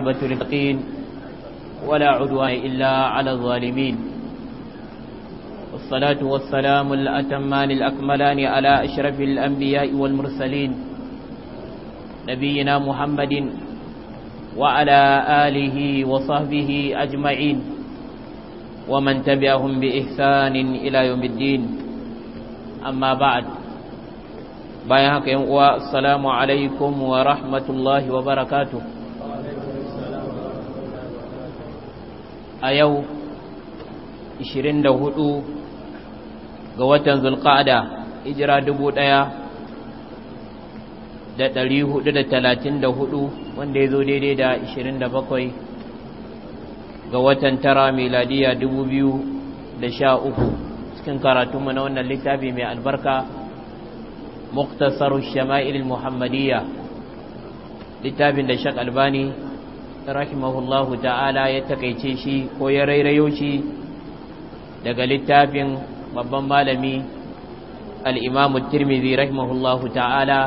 والعاقبة للمتقين ولا عدوان إلا على الظالمين والصلاة والسلام الأتمان الأكملان على أشرف الأنبياء والمرسلين نبينا محمد وعلى آله وصحبه أجمعين ومن تبعهم بإحسان إلى يوم الدين أما بعد bayan haka yan uwa assalamu alaikum wa rahmatullahi wa barakatuh a yau 24 ga watan zulqa'ada hijira 1434 wanda ya zo daidai da 27 ga watan tara sha 2013 cikin karatunmu na wannan littafi mai albarka muktasar shama'il muhammadiyya littafin da shak albani rahimahullahu ta'ala ya takaice shi ko ya rairayo shi daga littafin babban malami al'imamu tirmidhi rahimahullahu ta'ala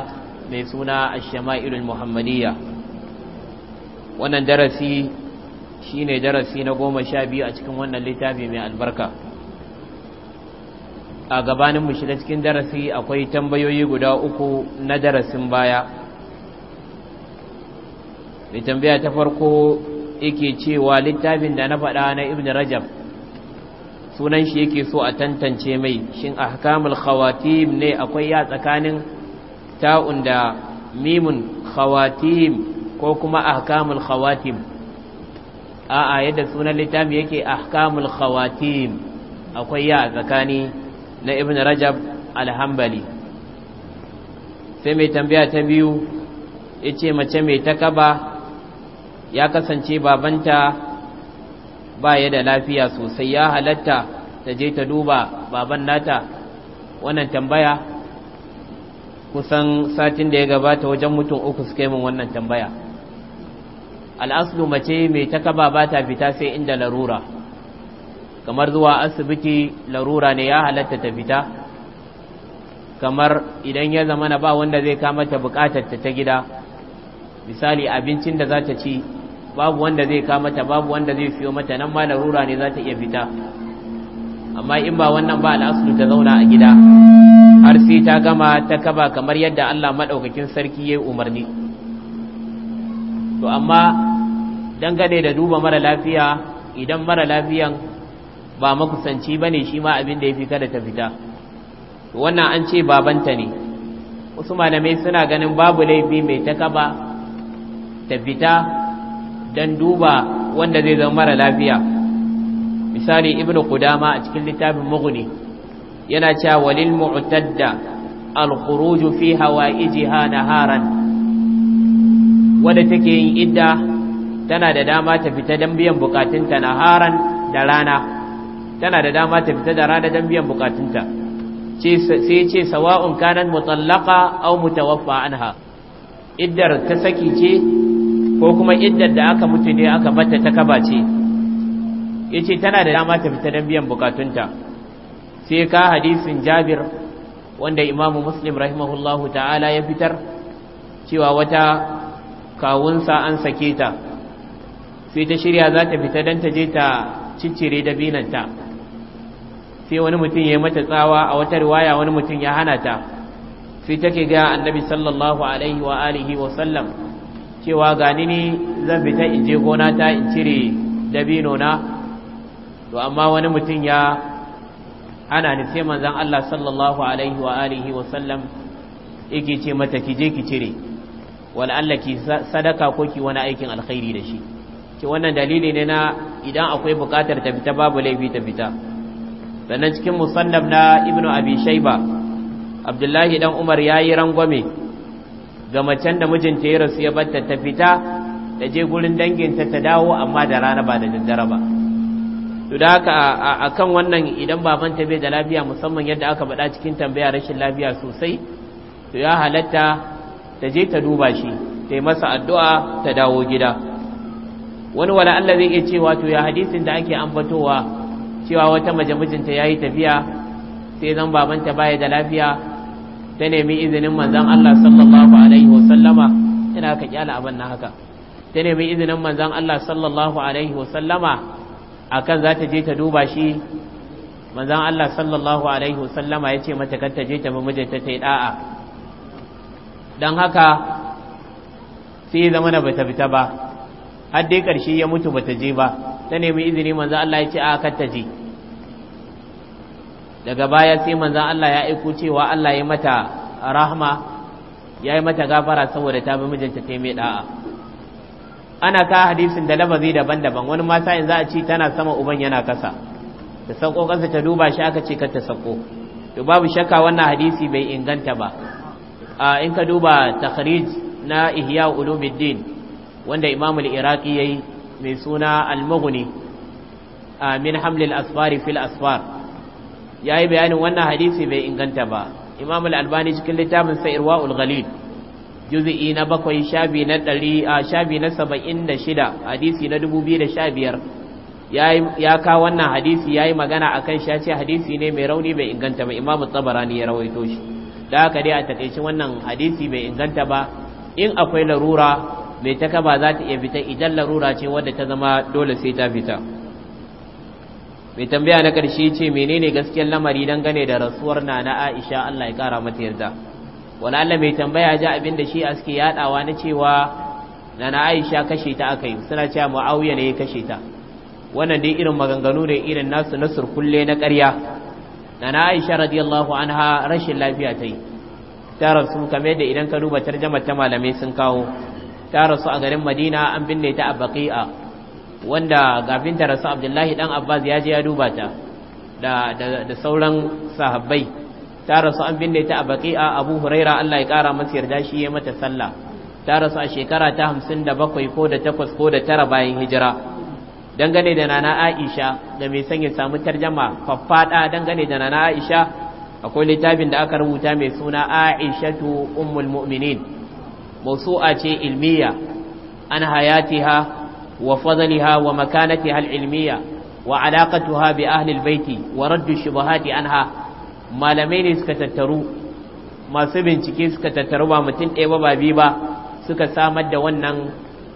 mai suna ashama'ilul muhammadiyya wannan darasi shi ne darasi na goma sha biyu a cikin wannan littafi mai albarka a gabaninmu shiga cikin darasi akwai tambayoyi guda uku na darasin baya mai tambaya ta farko yake cewa littafin da na faɗa na ibn rajab sunan shi yake so a tantance mai shin ahkamul khawatim ne akwai ya tsakanin ta'un da mimun khawatim ko kuma ahkamul khawatim a'a yadda sunan littafi yake ahkamul khawatim akwai ya tsakani na ibn rajab alhambali sai mai tambaya ta biyu ya ce mace mai takaba ya kasance babanta ba da lafiya sosai ya halatta ta je ta duba baban nata wannan tambaya kusan satin da ya gabata wajen mutum uku suke min wannan tambaya al'aslu mace mai ta kaba ba ta fita sai inda larura kamar zuwa asibiti larura ne ya halatta ta fita kamar idan ya zama na ba wanda zai kamata bukatar ta ta gida misali abincin da za ta ci babu wanda zai kama ta babu wanda zai siyo mata nan ma larura ne za ta iya fita amma in ba wannan ba al'asu ta zauna a gida har sai ta gama ta kaba kamar yadda Allah madaukakin sarki ya yayi umarni to amma dangane da duba mara lafiya idan mara lafiyan ba makusanci bane shi ma abin da yafi kada ta fita to wannan an ce babanta ne wasu malamai suna ganin babu laifi mai takaba kaba ta fita don duba wanda zai zama mara lafiya misali ibn qudama a cikin littafin mughni yana cewa walil mu'tadda al khuruj fi hawaijiha naharan wanda take yin idda tana da dama ta fita dan biyan bukatunta naharan da rana tana da dama ta fita da rana dan biyan bukatunta sai ce sawa'un kanan mutallaqa aw mutawaffa anha iddar ta saki ce ko kuma iddar da aka mutu ne aka batta ta kaba ce yace tana da dama ta fita don biyan bukatunta sai ka hadisin Jabir wanda imamu Muslim rahimahullahu ta'ala ya fitar cewa wata kawunsa an sake ta sai ta shirya za ta fita don ta je ta ciccire da binanta sai wani mutum ya yi mata tsawa a wata riwaya wani mutum ya hana ta sai take ga annabi sallallahu alaihi wa alihi wa sallam cewa gani ni zan fita in je gona ta in cire dabino na to amma wani mutum ya ana ni sai manzon Allah sallallahu alaihi wa alihi wa sallam yake ce mata ki je ki cire wala Allah ki sadaka ko ki wani aikin alkhairi da shi ki wannan dalili ne na idan akwai bukatar ta fita babu laifi ta fita sannan cikin musannaf na ibnu abi shayba abdullahi dan umar yayi rangwame ga macen da mijinta ya rasu ya batta ta fita da je gurin danginta ta dawo amma da rana ba da daddare ba to da haka akan wannan idan babanta bai da lafiya musamman yadda aka faɗa cikin tambaya rashin lafiya sosai to ya halatta ta je ta duba shi ta yi masa addu'a ta dawo gida wani wala Allah zai iya cewa to ya hadisin da ake ambatowa cewa wata mace mijinta yayi tafiya sai zan babanta baya da lafiya ta nemi izinin manzan Allah sallallahu alaihi wasallama ina ka kyala abin na haka ta nemi izinin manzan Allah sallallahu alaihi wasallama akan za ta je ta duba shi manzan Allah sallallahu alaihi wasallama ya ce mata kan ta je ta bi mijinta ta yi da'a don haka sai zama na bata fita ba har dai karshe ya mutu bata je ba ta nemi izini manzan Allah ya ce a kan ta je daga baya sai manzan Allah ya aiko cewa Allah ya mata rahma ya yi mata gafara saboda ta bi mijinta sai mai da'a ana ka hadisin da lafazi daban-daban wani mata in za a ci tana sama uban yana kasa ta sauko ta duba shi aka ce kar ta sauko to babu shakka wannan hadisi bai inganta ba a in ka duba takhrij na ihya ulumuddin wanda imamul iraqi yayi mai suna al-mughni min hamlil asfari fil asfar ya yi bayanin wannan hadisi bai inganta ba imam al-albani cikin littafin sa irwaul ghalid juz'i na bakwai shabi na 100 a shabi na 76 hadisi na 2015 biyar ya ka wannan hadisi yayi magana akan shi ce hadisi ne mai rauni bai inganta ba imam tabarani ya rawaito shi da haka dai a takeici wannan hadisi bai inganta ba in akwai larura mai ba za ta iya fita idan larura ce wadda ta zama dole sai ta fita mai tambaya na ƙarshe ce menene gaskiyar lamari gane da rasuwar na na Aisha Allah ya kara mata yarda wala Allah mai tambaya ja abin da shi aske yadawa na cewa na na Aisha kashe ta akai suna cewa Muawiya ne ya kashe ta wannan dai irin maganganu ne irin nasu na surkulle na ƙarya na na Aisha radiyallahu anha rashin lafiya ta yi ta rasu kamar da idan ka duba tarjamar ta malamai sun kawo ta rasu a garin Madina an binne ta a Baqi'a wanda gafin ta rasu abdullahi dan abbas ya je ya duba ta da, sauran sahabbai ta rasu an binne ta a a abu huraira allah ya kara masa yarda shi ya mata sallah ta rasu a shekara ta hamsin da bakwai ko da takwas ko da tara bayan hijira dangane da nana aisha da mai son samu tarjama faffaɗa dangane da nana aisha akwai littafin da aka rubuta mai suna aishatu ummul mu'minin mawsu'a ce ilmiya an hayatiha وفضلها ومكانتها العلمية وعلاقتها بأهل البيت ورد الشبهات عنها ما لمين سكتترو ما سبن تكي سكتترو ما متن ايبا بابيبا سكا سامد ونن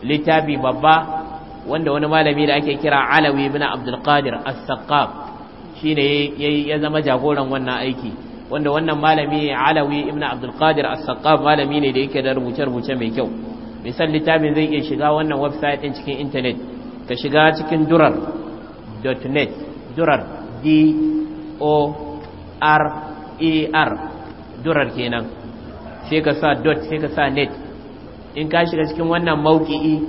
لتابي بابا wanda wani malami da ake kira alawi ibn abdulkadir as-saqaf shine ya zama jagoran wannan aiki wanda wannan malami alawi ibn abdulkadir as-saqaf malami ne da yake da rubuce-rubuce mai kyau misal littafin zai iya shiga wannan website din cikin intanet ka shiga cikin durar.net durar d-o-r-e-r e durar kenan sai ka sa dot sai ka sa net in ka shiga cikin wannan mauki'i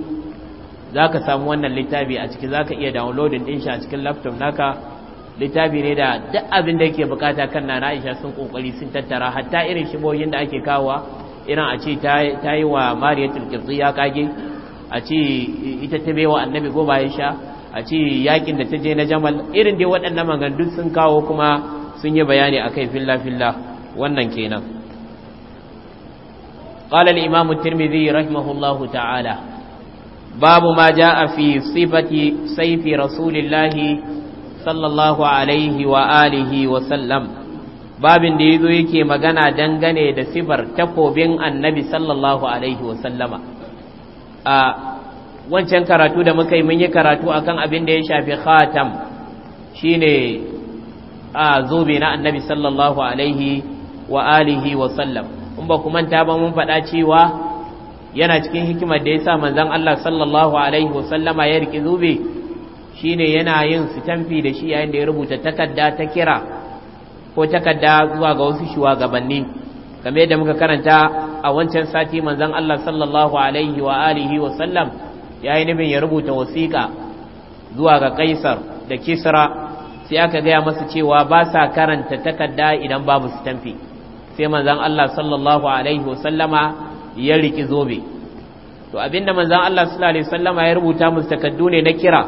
za ka samu wannan littafi a ciki za ka iya downloadin din shi a cikin laptop naka littafi ne da duk abin da yake bukata kan na Aisha sun kokari sun tattara hatta irin shibohin da ake kawowa. irin a ce ta yi wa mariyatul kirzi ya kage a ce ita ta bewa annabi goba ya sha a ce yakin da ta je na jamal irin dai waɗannan magandun sun kawo kuma sun yi bayani a kai filla-filla wannan kenan قال الإمام الترمذي رحمه الله تعالى باب ما جاء في صفة سيف رسول الله صلى الله عليه وآله وسلم babin da ya yazo yake magana dangane da sifar takobin annabi sallallahu alaihi wasallama a wancan karatu da muka yi mun yi karatu akan abin da ya shafi khatam shine a zobe na annabi sallallahu alaihi wa alihi wasallam in ba ku manta ba mun faɗa cewa yana cikin hikimar da ya sa manzon Allah sallallahu alaihi wasallama ya riki zobe shine yana yin sitamfi da shi yayin da ya rubuta takarda ta kira ko takarda zuwa ga wasu shugabanni game da muka karanta a wancan sati manzon Allah sallallahu alaihi wa alihi wa sallam yayi nufin ya rubuta wasiƙa zuwa ga Kaisar da Kisra sai aka gaya masa cewa ba sa karanta takarda idan babu stamfi sai manzon Allah sallallahu alaihi wa sallama ya riki zobe to abinda manzon Allah sallallahu alaihi wa sallama ya rubuta musu takaddu ne na kira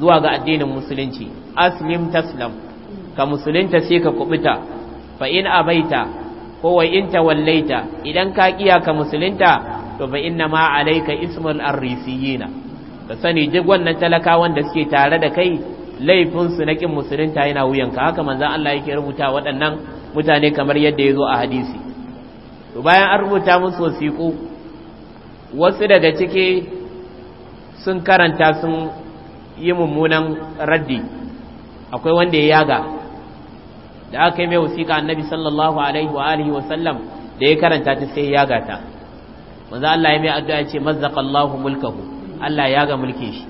zuwa ga addinin musulunci aslim taslam ka musulunta sai ka kubuta fa in abaita ko wa in tawallaita idan ka kiya ka musulunta to fa inna ma alayka ismul arrisiyina ka sani duk wannan talaka wanda suke tare da kai laifin su na kin musulunta yana wuyanka haka manzon Allah yake rubuta waɗannan mutane kamar yadda ya zo a hadisi to bayan an rubuta musu wasiqu wasu daga ciki sun karanta sun yi mummunan raddi akwai wanda ya yaga da aka yi mai wasiƙa annabi sallallahu alaihi wa alihi wa sallam da ya karanta ta sai ya gata manzo Allah ya mai addu'a ce mazzaqallahu mulkahu Allah ya ga mulke shi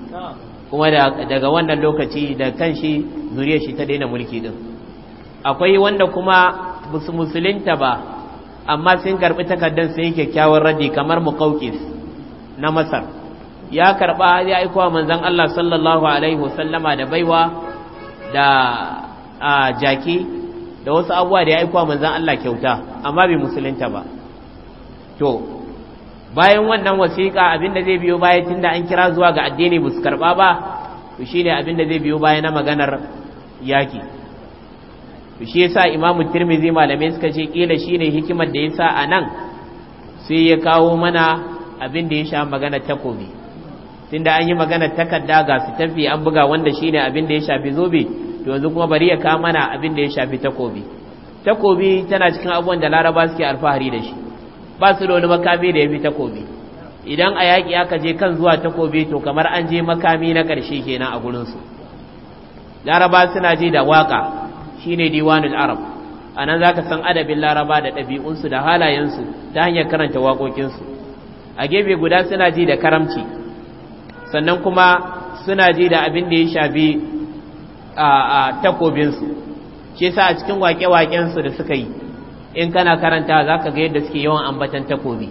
kuma daga wannan lokaci da kanshi zuriyar shi ta daina mulki din akwai wanda kuma musulunta ba amma sun karbi takardar sai kyakkyawan radi kamar muqawqis na Masar ya karba ya aika manzon Allah sallallahu alaihi wa sallama da baiwa da jaki da wasu abuwa da ya aiko manzan Allah kyauta amma bai musulunta ba to bayan wannan wasiƙa abinda zai biyo baya tun da an kira zuwa ga addini ba su karɓa ba to ne abinda zai biyo baya na maganar yaki to shi yasa Imam malamai suka ce kila shine hikimar da ya sa a nan sai ya kawo mana abin da ya sha magana takobi tun da an yi magana takarda ga su tafi an buga wanda shine abin da ya shafi zobe to yanzu kuma bari ya kama mana abin da ya shafi takobi takobi tana cikin abubuwan da laraba suke alfahari da shi ba su da wani makami da ya fi takobi idan a yaƙi aka je kan zuwa takobi to kamar an je makami na ƙarshe kenan a gurinsu laraba suna ji da waƙa shine diwanul arab a nan za ka san adabin laraba da ɗabi'unsu da halayensu ta hanyar karanta waƙoƙinsu a gefe guda suna ji da karamci sannan kuma suna ji da abin da ya shafi takobinsu shi sa a cikin waƙe-waƙensu da suka yi in kana karanta za ka ga yadda suke yawan ambatan takobi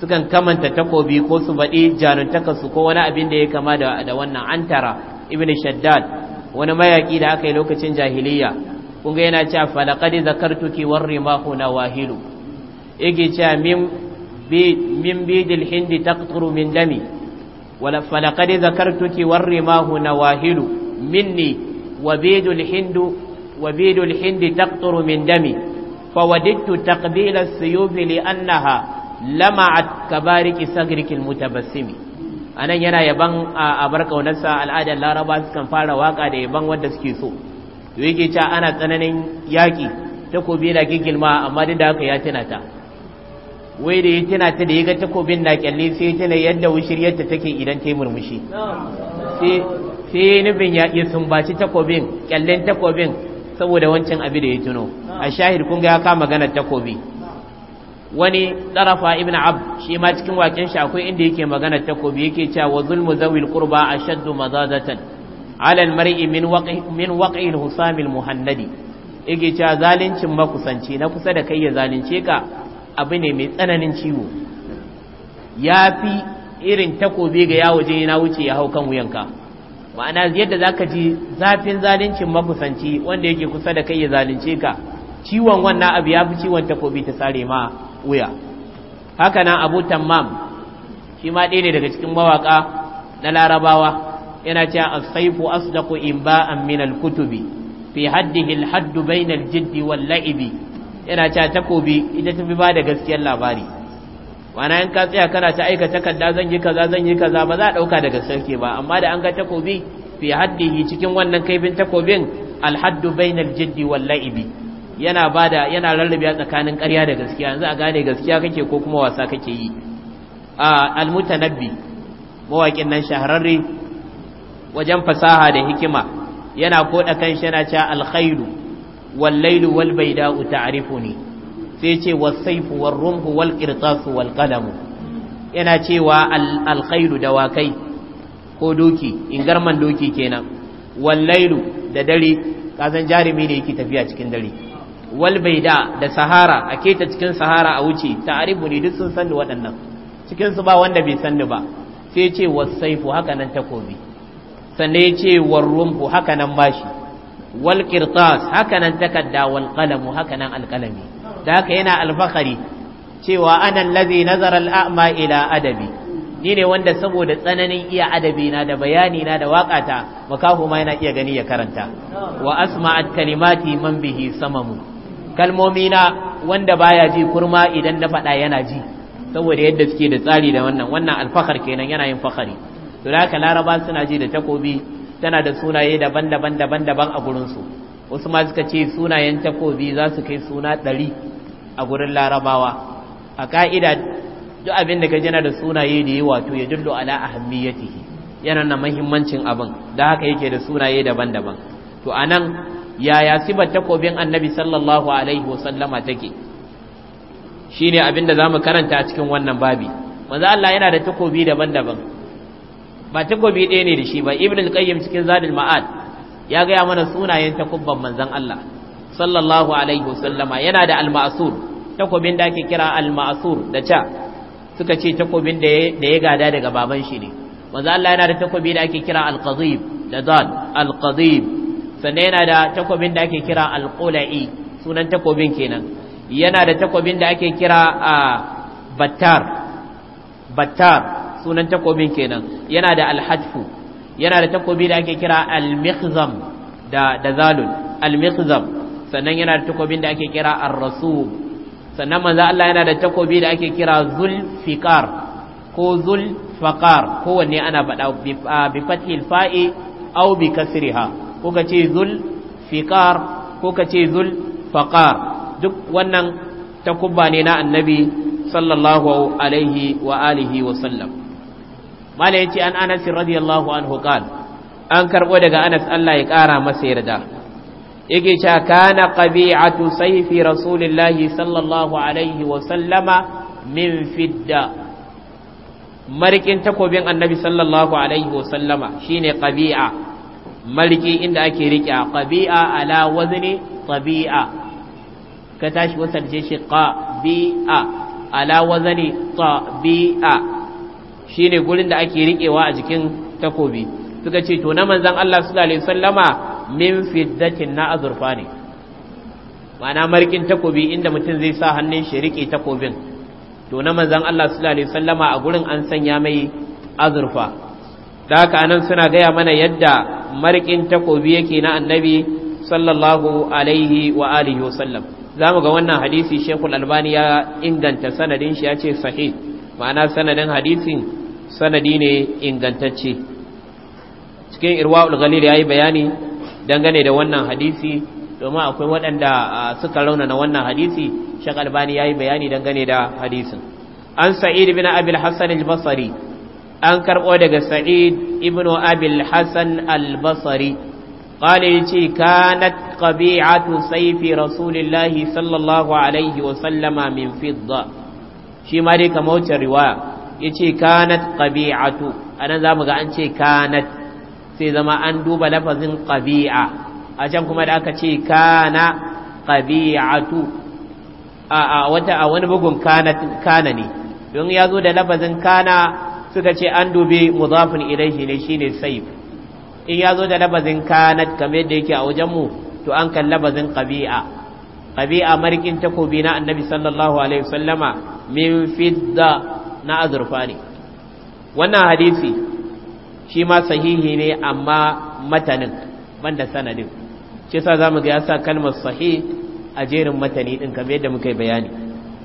sukan kamanta takobi ko su baɗi januntakarsu ko wani abin da ya kama da wannan antara ibn shaddad wani mayaki da aka yi lokacin jahiliya kunga yana cewa falaqad zakartuki na wahilu yake cewa min bi min bidil hindi taqturu min dami wala falaqad zakartuki warrimahu min minni وبيد الهند وبيد الهند تقطر من دمي فوددت تقبيل السيوف لأنها لمعت كبارك سغرك المتبسم anan yana yaban a bar kaunarsa al'adar laraba sukan fara waka da yaban wanda suke so to yake cewa ana tsananin yaki takobi na gigilma amma duk da haka ya tuna ta wai da ya tuna ta da ya ga takobin na kyalle sai ya yadda wushiriyarta take idan ta yi murmushi sai nufin ya iya sumbaci takobin ƙyallen takobin saboda wancan abin da ya tuno a shahid kunga ga ya kama maganar takobi wani tsarafa ibn ab shi ma cikin waken shi akwai inda yake magana takobi yake cewa wa zulmu zawil qurba ashaddu mazadatan ala al mar'i min waqi min waqi al husam muhannadi yake cewa zalincin makusanci na kusa da kai ya zalunce ka abu ne mai tsananin ciwo ya fi irin takobi ga yawo je na wuce ya hau kan wuyanka ma'ana yadda za ka ji zafin zalincin mafusanci wanda yake kusa da kai ya zalince ka ciwon wannan abu ya fi ciwon takobi ta sare ma wuya haka nan abu tammam shi ma ɗaya ne daga cikin mawaƙa na larabawa yana cewa in ba an min al-kutubi fi haddihi al-hadd jiddi wal-la'ibi yana cewa takobi ita tafi ba da gaskiyar labari wani an ka tsaya kana ta aikata kadda zan yi kaza zan yi kaza ba za a dauka daga sarki ba amma da an ga takobi fi haddihi cikin wannan kaifin takobin alhaddu bainal jiddi wal la'ibi yana bada yana rarrabe tsakanin ƙarya da gaskiya yanzu a gane gaskiya kake ko kuma wasa kake yi a almutanabbi mawakin nan shahararre wajen fasaha da hikima yana koɗa kan shi yana cewa alkhairu wal lailu wal bayda'u ta'rifuni sai ce saifu wa rumhu wal qirtasu wal qalamu yana cewa al da wakai ko doki in garman doki kenan wal lailu da dare kasan jarumi ne yake tafiya cikin dare wal baida da sahara a keta cikin sahara a wuce ta'arifu ne duk sun sani waɗannan cikin ba wanda bai sanni ba sai ce saifu haka nan takobi sannan ya ce wa rumhu haka nan bashi wal hakanan haka nan takadda wal haka nan da haka yana alfahari cewa anan lazi nazar al'a'ma ila adabi ni ne wanda saboda tsananin iya adabi na da bayani na da wakata makahu ma yana iya gani ya karanta wa asma a kalimati man bihi samamu kalmomi na wanda baya ji kurma idan na faɗa yana ji saboda yadda suke da tsari da wannan wannan alfahar kenan yana yin fahari to da haka laraba suna ji da takobi tana da sunaye daban-daban daban-daban a gurinsu wasu ma suka ce sunayen takobi za su kai suna ɗari a gurin larabawa a ka'ida duk abin da ka jana da sunaye da yi wato ya dullo ala ahammiyatihi yana na mahimmancin abin da haka yake da sunaye daban-daban to a anan yaya sibar takobin annabi sallallahu alaihi wasallama take ne abin da mu karanta a cikin wannan babi Allah yana da takobi daban-daban ba takobi ɗaya ne da shi ba ibn al cikin zadul ma'ad ya gaya mana sunayen takubban manzan Allah sallallahu alaihi wasallama yana da al-ma'sur takobin da ake kira al-ma'sur da ta suka ce takobin da ya gada daga baban shi ne manzan Allah yana da takobi da ake kira al-qadhib da dal al-qadhib sannan yana da takobin da ake kira al-qula'i sunan takobin kenan yana da takobin da ake kira a battar battar sunan takobin kenan yana da al-hadfu yana da takobi da ake kira al-mikhzam da da zalul al-mikhzam sannan yana da takobin da ake kira ar-rasub sannan manzo Allah yana da takobi da ake kira zulfiqar ko zulfaqar ko wanne ana faɗa bi fathil fa'i aw bi kasriha ko kace zulfiqar ko kace zulfaqar duk wannan takubba ne na annabi sallallahu alaihi wa alihi wa sallam mala yace an anas radiyallahu anhu qal an karbo daga anas Allah ya kara masa yarda yake cewa kana qabi'atu sayfi rasulillahi sallallahu alaihi wa sallama min fidda markin takobin annabi sallallahu alaihi wa sallama shine qabi'a maliki inda ake rike qabi'a ala wazni tabi'a ka tashi wasan je shi qabi'a ala wazni tabi'a Shi ne gurin da ake riƙewa a jikin takobi suka ce to na manzan Allah su lalai sallama min fiddatin na azurfa ne ma'ana markin takobi inda mutum zai sa hannun shi riƙe takobin to na manzan Allah su lalai sallama a gurin an sanya mai azurfa da haka nan suna gaya mana yadda markin takobi yake na annabi sallallahu alaihi wa alihi wasallam zamu ga wannan hadisi shekul Albani ya inganta sanadin shi ya ce sahih ma'ana sanadin hadisin sanadi ne ingantacce cikin irwa ulgalil ya yi bayani dangane da wannan hadisi domin akwai waɗanda suka raunana wannan hadisi shek ya yi bayani dangane da hadisin an sa'id bin abil hassan al-basari an karɓo daga sa'id ibn abil hassan al-basari ƙwale ce kanat ƙabi'atu saifi rasulillahi sallallahu alaihi wasallama min fidda shi ma dai kamar wuce riwaya ya ce kanat ƙabi'atu a nan za mu ga an ce kanat sai zama an duba lafazin ƙabi'a a can kuma da aka ce kana ƙabi'atu a wata a wani bugun kana ne don ya zo da lafazin kana suka ce an dubi muzafin ilaihi ne shine saif in ya zo da lafazin kanat kamar yadda yake a wajenmu to an kan lafazin ƙabi'a ƙabi'a marikin takobi na annabi sallallahu alaihi wasallama min fidda na azurfa ne wannan hadisi shi ma sahihi ne amma matanin banda sanadin shi sa zamu ga ya sa kalmar sahih a jerin matani din kamar yadda muka yi bayani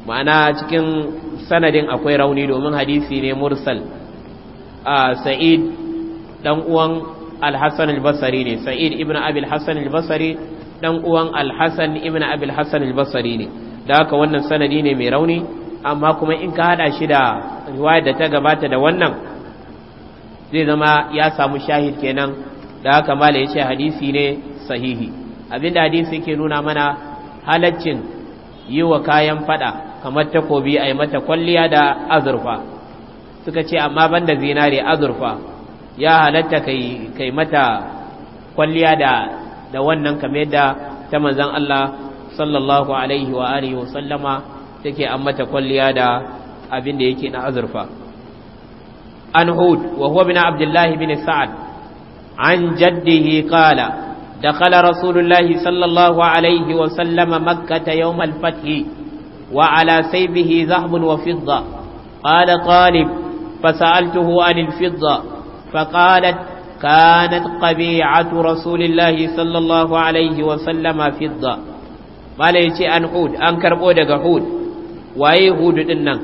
ma'ana cikin sanadin akwai rauni domin hadisi ne mursal a sa'id dan uwan al-hasan al-basri ne sa'id ibn abi al-hasan al-basri dan uwan al-hasan ibn abi al-hasan al-basri ne da haka wannan sanadi ne mai rauni amma kuma in ka hada shi da riwaya da ta gabata da wannan zai zama ya samu shahid kenan da haka mala ya ce hadisi ne sahihi abinda hadisi ke nuna mana halaccin yi wa kayan fada kamar takobi a yi mata kwalliya da azurfa suka ce amma banda zinare azurfa ya halatta kai mata kwalliya da wannan kamar da ta manzon Allah sallallahu alaihi wa alihi wa sallama take an mata kwalliya da abin da yake na azurfa an hud wa huwa bin abdullah bin sa'ad an jaddihi qala dakhala rasulullah sallallahu alaihi wa sallama yawm al-fath wa ala saybihi zahbun wa fidda qala qalib fasaltuhu an al-fidda kanat qabi'atu sallallahu wa sallama fidda mala yace an hud an karbo daga hud waye hud din nan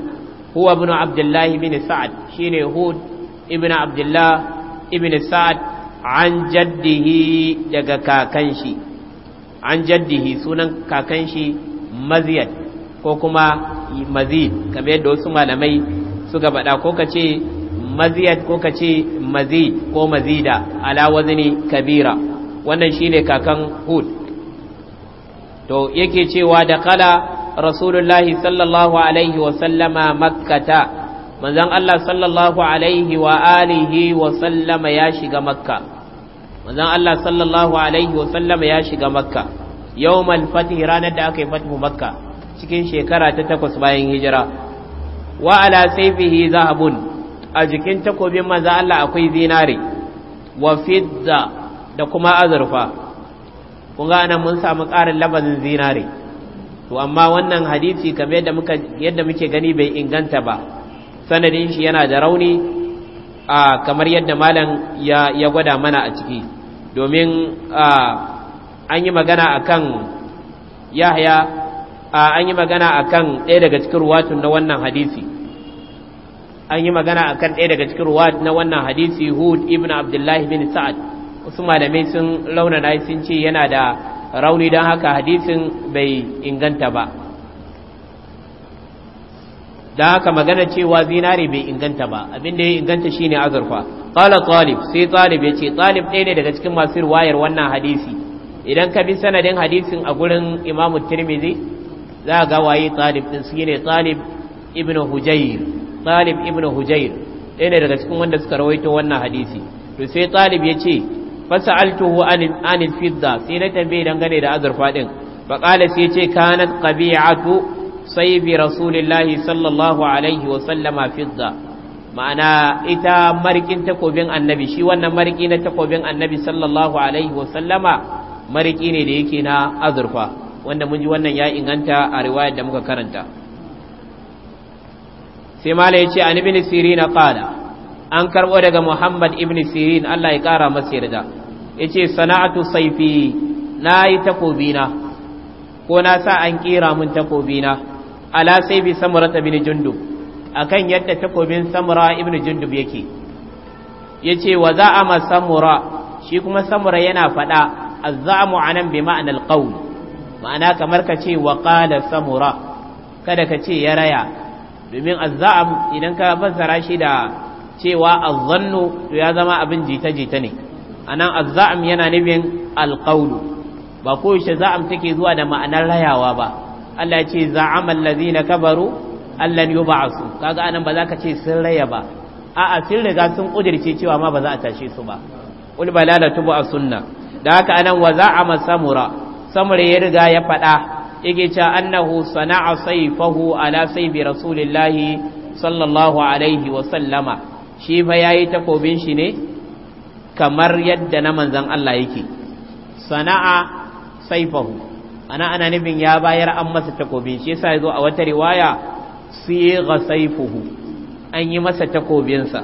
huwa ibn abdullahi ibn sa'ad shine hud ibn abdullah ibn sa'ad an jaddihi daga kakan an jaddihi sunan kakan shi maziyad ko kuma mazid kamar yadda wasu malamai suka faɗa ko kace maziyad ko kace mazid ko mazida ala wazni kabira wannan shine kakan hud to yake cewa da kala rasulullahi sallallahu alaihi wa sallama makkata manzon Allah sallallahu alaihi wa alihi wa sallama ya shiga makka manzon Allah sallallahu alaihi wa sallama ya shiga makka yawmal ranar da aka yi fathu makka cikin shekara ta takwas bayan hijira wa ala sayfihi zahabun a jikin takobin manzon Allah akwai zinare wa fidda da kuma azurfa kun ga mun samu ƙarin labarin zinare to amma wannan hadisi kamar yadda muka yadda muke gani bai inganta ba sanadin shi yana da rauni a kamar yadda malam ya ya gwada mana a ciki domin an yi magana akan Yahya an yi magana akan ɗaya daga cikin ruwatun na wannan hadisi an yi magana akan ɗaya daga cikin ruwat na wannan hadisi Hud ibn Abdullahi bin Sa'ad wasu malamai sun launana sun ce yana da rauni don haka hadisin bai inganta ba da haka magana cewa zinari bai inganta ba abinda ya inganta shine azurfa qala talib sai talib yace talib ɗaya ne daga cikin masu riwayar wannan hadisi idan ka bi sanadin hadisin a gurin imamu tirmidhi za ga waye talib din shine talib ibnu hujayr talib ibnu hujayr ɗaya ne daga cikin wanda suka rawaito wannan hadisi to sai talib yace fasa'altuhu anil fidda sai na tambaye dangane da azurfa din fa qala sai ce kanat qabi'atu sai bi rasulillahi sallallahu alaihi wa sallama fidda ma'ana ita markin takobin annabi shi wannan marki na takobin annabi sallallahu alaihi wa sallama marki ne da yake na azurfa wanda mun ji wannan ya inganta a riwayar da muka karanta sai mala yace an ibn sirina qala an karbo daga muhammad ibn sirin Allah ya kara masa yarda yace sana'atu saifi nayi takobi na ko na sa an kira mun takobi na ala saifi samura bin jundub akan yadda takobin samura ibn jundub yake ce wa za'ama samura shi kuma samura yana fada a anan bi ma'anar qawl ma'ana kamar ka ce wa qala samura kada ka ce ya raya domin azzam idan ka fassara shi da cewa azzannu to ya zama abin jita jita ne anan azza'am yana nufin alqaulu ba ko yaushe za'am take zuwa da ma'anar rayawa ba Allah ya ce za'ama allazina kabaru allan yub'asu kaga anan ba za ka ce sun raya ba a'a sun riga sun kudirce cewa ma ba za a tashe su ba ul balala tubu sunna da haka anan wa za'ama samura samura ya riga ya faɗa yake annahu sana'a saifahu ala sayfi rasulillahi sallallahu alaihi wa sallama shi fa yayi takobin shi ne kamar yadda na manzan Allah yake sana'a saifahu ana ana nufin ya bayar an masa takobin shi yasa yazo a wata riwaya sigha saifuhu an yi masa takobinsa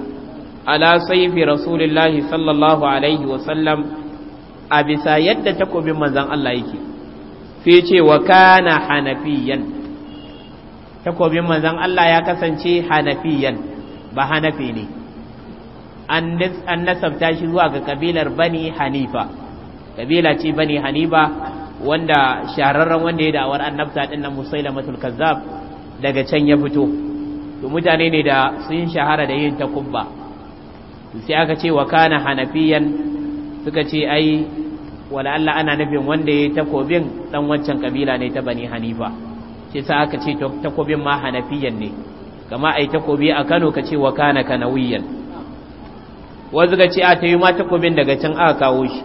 ala saifi rasulullahi sallallahu alaihi wa sallam a bisa yadda takobin manzan Allah yake sai ce wa kana hanafiyan takobin manzan Allah ya kasance hanafiyan ba hanafi ne an nasabta shi zuwa ga kabilar bani hanifa kabila ce bani hanifa wanda shahararren wanda ya da'awar annabta din nan musailamatul kazzab daga can ya fito to mutane ne da sun shahara da yin takubba sai aka ce wa kana hanafiyan suka ce ai wala Allah ana nufin wanda ya takobin dan wancan kabila ne ta bani hanifa sai sai aka ce takobin ma hanafiyan ne kama ai takobi a Kano kace wa kana kanawiyan wasu ga ce a ta yi ma takobin daga can aka kawo shi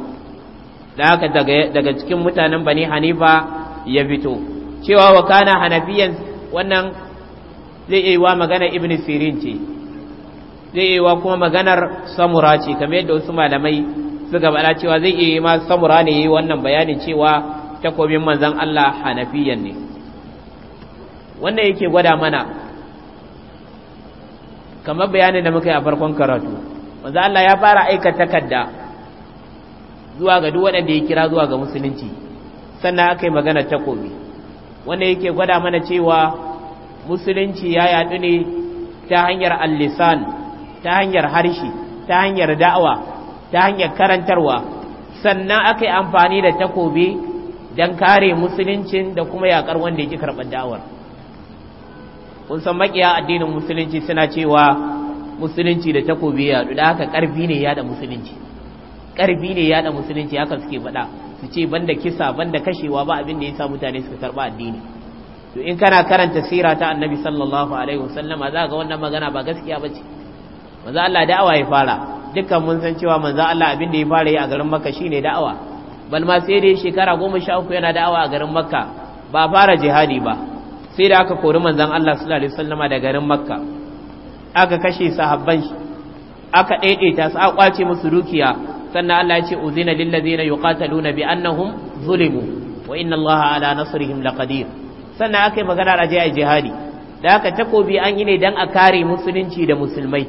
da aka daga cikin mutanen bani hanifa ya fito cewa wa kana hanafiyan wannan zai iya wa magana ibn sirin ce zai iya wa kuma maganar samura ce kamar yadda wasu malamai suka bada cewa zai iya ma samura ne yi wannan bayanin cewa takobin manzan Allah hanafiyan ne wannan yake gwada mana kamar bayanin da muka yi a farkon karatu wanzu Allah ya fara aika takarda zuwa ga duk waɗanda ya kira zuwa ga musulunci sannan aka yi magana takobi wanda yake gwada mana cewa musulunci ya yaɗu ne ta hanyar al ta hanyar harshe ta hanyar da'awa ta hanyar karantarwa sannan aka yi amfani da takobi don kare musuluncin da kuma yaƙar wanda yake karɓar da'awar kun san makiya addinin musulunci suna cewa musulunci da takobi ya yadu da haka karfi ne yada musulunci karfi ne yada musulunci haka suke faɗa su ce banda kisa banda kashewa ba abin da ya sa mutane suka karba addini to in kana karanta sira ta annabi sallallahu alaihi wasallam za ga wannan magana ba gaskiya bace manzo Allah da'awa ya fara dukkan mun san cewa manzo Allah abin da ya fara yi a garin Makka shine da'awa bal ma sai dai shekara 13 yana da'awa a garin Makka ba fara jihadi ba sai da aka kori manzon Allah sallallahu alaihi wasallama da garin Makka aka kashe sahabban shi aka daidaita su aka kwace musu dukiya sannan Allah ya ce uzina lil ladzina yuqataluna bi annahum zulimu wa inna Allaha ala nasrihim laqadir sannan aka yi magana a jihar. jihadi da aka takobi an yi ne dan a kare musulunci da musulmai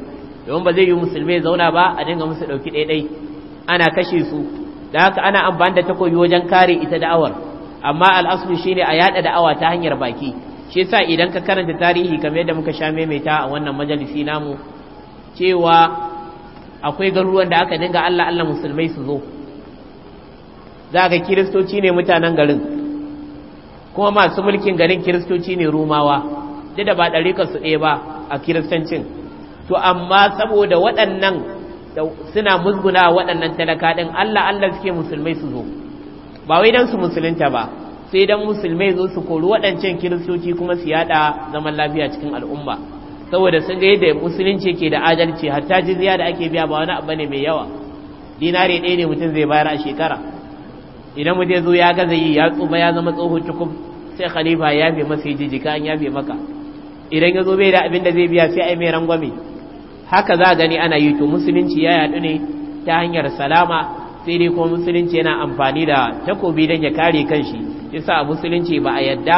domin ba zai yi musulmai zauna ba a dinga musu dauki daidai ana kashe su da haka ana amfani da takobi wajen kare ita da'awar amma al'aslu shine a yada da'awa ta hanyar baki shi yasa idan ka karanta tarihi kamar yadda muka sha maimaita a wannan majalisi namu cewa akwai garuruwan da aka dinga Allah Allah musulmai su zo za ga kiristoci ne mutanen garin kuma masu mulkin garin kiristoci ne rumawa duk da ba ɗarikar su ɗaya ba a kiristancin to amma saboda waɗannan suna musguna waɗannan talaka ɗin Allah Allah suke musulmai su zo ba wai don su musulunta ba sai dan musulmai zo su kori waɗancan kiristoci kuma su yada zaman lafiya cikin al'umma saboda sun ga yadda musulunci ke da adalci har ta jizya da ake biya ba wani abu ne mai yawa dinare ɗaya ne mutum zai bayar a shekara idan mutum zo ya gaza yi ya tsuma ya zama tsohon cukum sai khalifa ya fi masa yi jijika an ya fi maka idan ya zo bai da abin da zai biya sai ai mai rangwame haka za gani ana yi to musulunci ya yaɗu ne ta hanyar salama sai dai kuma musulunci yana amfani da takobi don ya kare kanshi yasa a musulunci ba a yadda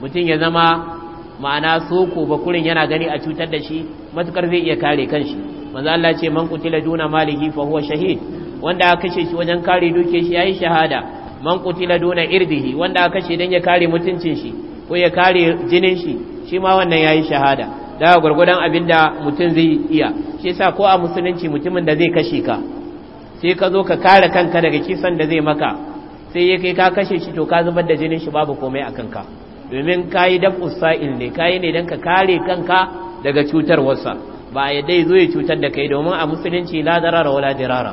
mutum ya zama ma'ana soko ba kurin yana gani a cutar da shi matukar zai iya kare kanshi manzo Allah ce man kutila duna malihi fa huwa shahid wanda aka kashe shi wajen kare duke shi yayi shahada man qutila duna irdihi wanda aka kashe dan ya kare mutuncin shi ko ya kare jinin shi shi ma wannan yayi shahada da gurgurdan abinda mutum zai iya shi yasa ko a musulunci mutumin da zai kashe ka sai ka zo ka kare kanka daga kisan da zai maka sai ya kai ka kashe shi to ka zubar da jinin shi babu komai a kanka domin ka yi dab usa'il ne ka yi ne don ka kare kanka daga cutarwarsa ba a yadda ya zo ya cutar da kai domin a musulunci la darara wala dirara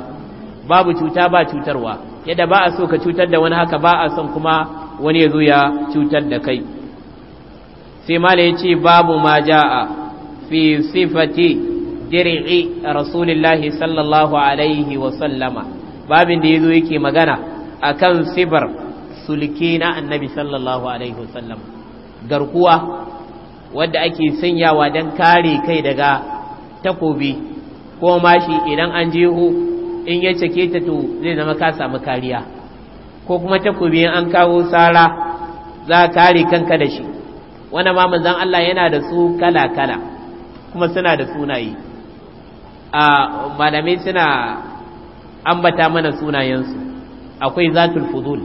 babu cuta ba cutarwa yadda ba a so ka cutar da wani haka ba a son kuma wani ya zo ya cutar da kai sai mala ya ce babu ma ja'a fi sifati diri'i rasulillahi sallallahu alaihi wa sallama babin da yazo yake magana akan sibar sulki na annabi sallallahu alaihi wa sallam garkuwa wadda ake sanyawa don kare kai daga takobi ko mashi idan an jeho in ya cake ta to zai zama ka samu kariya ko kuma takobi in an kawo sara za kare kanka da shi wannan ma manzon Allah yana da su kala kala kuma suna da sunaye a malamai suna ambata mana sunayensu akwai zatul fudul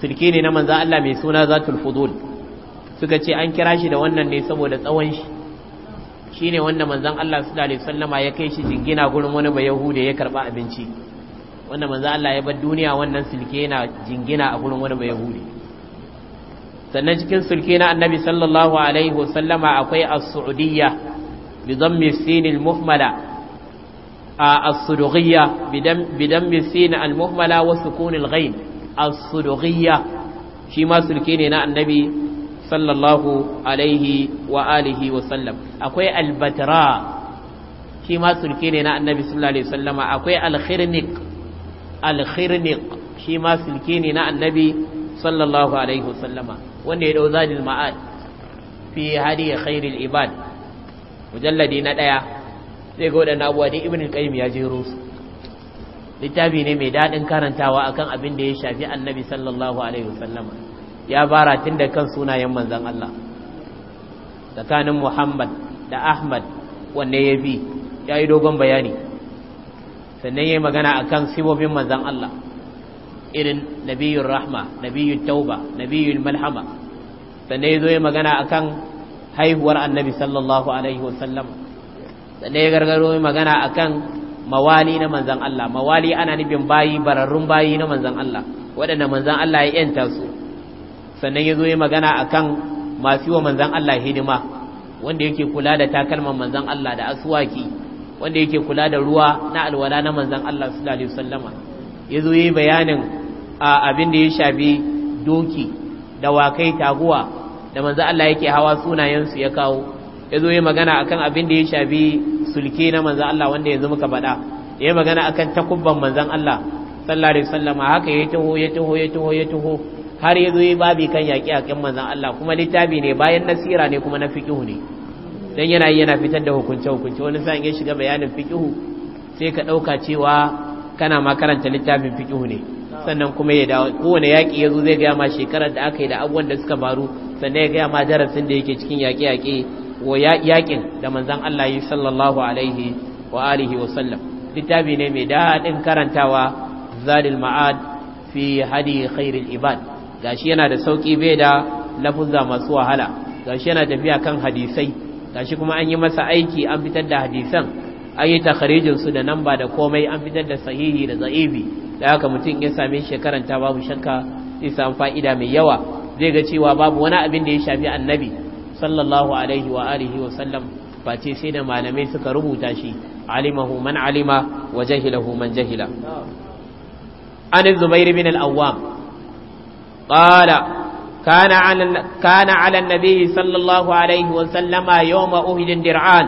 turki ne na manza Allah mai suna zatul fudul suka ce an kira shi da wannan ne saboda tsawon shi shine wanda manzan Allah su alaihi sallama ya kai shi jingina gurin wani ba yahude ya karba abinci wanda manzan Allah ya bar duniya wannan sulke na jingina a gurin wani ba yahude sannan cikin sulke na annabi sallallahu alaihi wasallama akwai as-su'udiyya بضم السين المهملة الصدغية بدم, بدم السين المهملة وسكون الغين الصدغية شما سلكيننا النبي صلى الله عليه وآله وسلم أكوي البتراء شما سلكيننا النبي صلى الله عليه وسلم أكوي الخرنق الخرنق شما سلكيننا النبي صلى الله عليه وسلم وأن يدعو ذات المعاد في هذه خير العباد mujalladi na ɗaya zai ga waɗanda abuwa dai ibn qayyim ya jero su littafi ne mai daɗin karantawa akan abin da ya shafi annabi sallallahu alaihi wasallama ya bara tun da kan sunayen manzan Allah tsakanin Muhammad da Ahmad wanne ya bi ya yi dogon bayani sannan ya yi magana akan sibobin manzan Allah irin nabiyun rahma nabiyun tauba nabiyun malhama sannan ya zo ya magana akan haihuwar annabi sallallahu alaihi wasallam sannan ya gargaro magana akan mawali na manzan Allah mawali ana nufin bayi bararrun bayi na manzan Allah waɗanda manzan Allah ya yanta su sannan ya zo ya magana akan masu wa manzan Allah hidima wanda yake kula da takalman manzan Allah da aswaki wanda yake kula da ruwa na alwala na manzan Allah sallallahu alaihi wasallama ya zo ya yi bayanin abin da ya shafi doki dawakai taguwa da manzo Allah yake hawa sunayensu ya kawo yazo zo magana akan abin da ya shafi sulke na manzo Allah wanda yanzu muka faɗa ya magana akan takubban manzon Allah sallallahu alaihi wasallam haka ya taho ya taho ya taho ya taho har ya zo ya babi kan yaƙi a kan manzon Allah kuma littafi ne bayan nasira ne kuma na fiqihu ne dan yana yana fitar da hukunce hukunce wani sa'in ya shiga bayanin fiqihu sai ka dauka cewa kana ma karanta littafin fiqihu ne sannan kuma ya dawo kowane yaki ya zo zai ga ma shekarar da aka yi da abubuwan da suka faru sannan ya gaya ma darasin da yake cikin yaƙe-yaƙe wa yaƙin da manzan Allah yi sallallahu alaihi wa alihi wa sallam littafi ne mai daɗin karantawa zalil ma'ad fi hadi khairil ibad gashi yana da sauki bai da lafuzza masu wahala gashi yana tafiya kan hadisai gashi kuma an yi masa aiki an fitar da hadisan an yi takharijin su da namba da komai an fitar da sahihi da za'ibi da haka mutum ya same shi karanta babu shakka zai samu fa'ida mai yawa zai ga cewa babu wani abin da ya shafi annabi sallallahu alaihi wa alihi wa sallam face sai da malamai suka rubuta shi alimahu man alima wa jahilahu man jahila an zubair bin al-awwam qala كان على كان على النبي صلى الله عليه وسلم يوم أهد درعان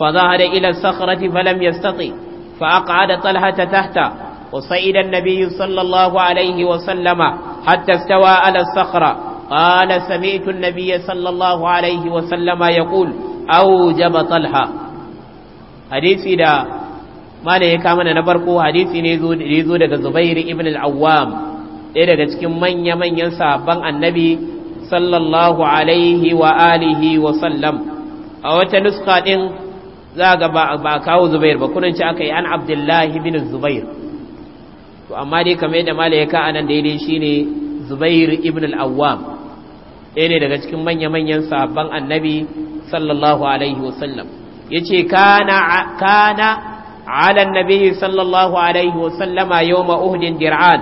فظهر fa الصخرة فلم يستطع فأقعد طلحة تحته وصعد النبي صلى الله عليه وسلم حتى استوى على الصخرة قال سمعت النبي صلى الله عليه وسلم يقول أوجب طلحة حديثي دا ما ne ya kama na farko hadisi ne ya zo daga Zubair ibn al-Awwam ɗaya daga cikin manya-manyan sahabban annabi sallallahu alaihi wa alihi wa sallam a wata nuska ɗin za ga kawo Zubair ba kunan ci aka yi an Abdullahi bin to amma dai kamar yadda mala ya ka anan daidai shine zubair ibn al-awwam ɗaya ne daga cikin manya-manyan sahabban annabi sallallahu alaihi wasallam yace kana kana ala annabi sallallahu alaihi wasallama yawma uhud dir'an